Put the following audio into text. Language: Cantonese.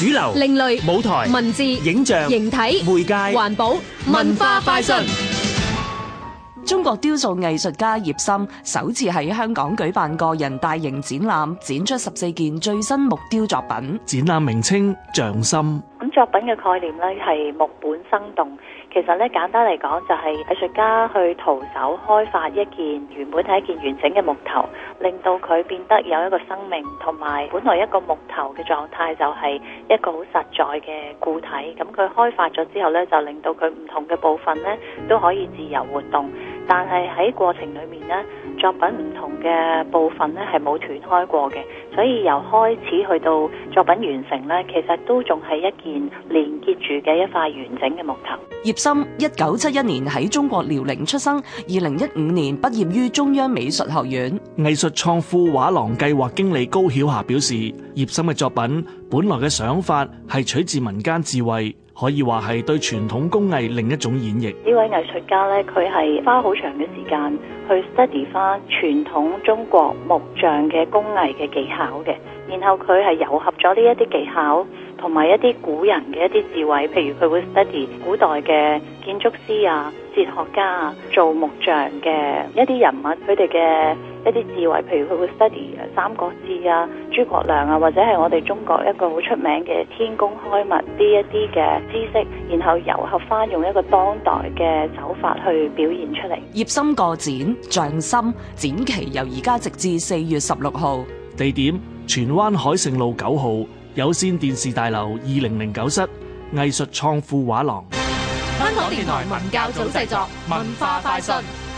主流、另類舞台、文字、影像、形體、媒介、環保、文化快訊。中國雕塑藝術家葉森首次喺香港舉辦個人大型展覽，展出十四件最新木雕作品。展覽名稱：匠心。作品嘅概念咧，係木本生動，其實咧簡單嚟講就係藝術家去徒手開發一件原本係一件完整嘅木頭，令到佢變得有一個生命，同埋本來一個木頭嘅狀態就係一個好實在嘅固體。咁佢開發咗之後咧，就令到佢唔同嘅部分咧，都可以自由活動。但係喺過程裏面呢，作品唔同嘅部分呢係冇斷開過嘅，所以由開始去到作品完成呢，其實都仲係一件連結住嘅一塊完整嘅木頭。葉森，一九七一年喺中國遼寧出生，二零一五年畢業於中央美術學院。藝術創庫畫廊計劃經理高曉霞表示，葉森嘅作品本來嘅想法係取自民間智慧。可以話係對傳統工藝另一種演繹。呢位藝術家呢，佢係花好長嘅時間去 study 翻傳統中國木匠嘅工藝嘅技巧嘅，然後佢係糅合咗呢一啲技巧同埋一啲古人嘅一啲智慧，譬如佢會 study 古代嘅建築師啊、哲學家啊、做木匠嘅一啲人物，佢哋嘅。一啲智慧，譬如佢會 study《三國志》啊、諸葛亮啊，或者係我哋中國一個好出名嘅《天工開物》啲一啲嘅知識，然後糅合翻用一個當代嘅手法去表現出嚟。葉森個展《匠心》展期由而家直至四月十六號，地點荃灣海盛路九號有線電視大樓二零零九室藝術創庫畫廊。香港電台文教組製作文化快訊。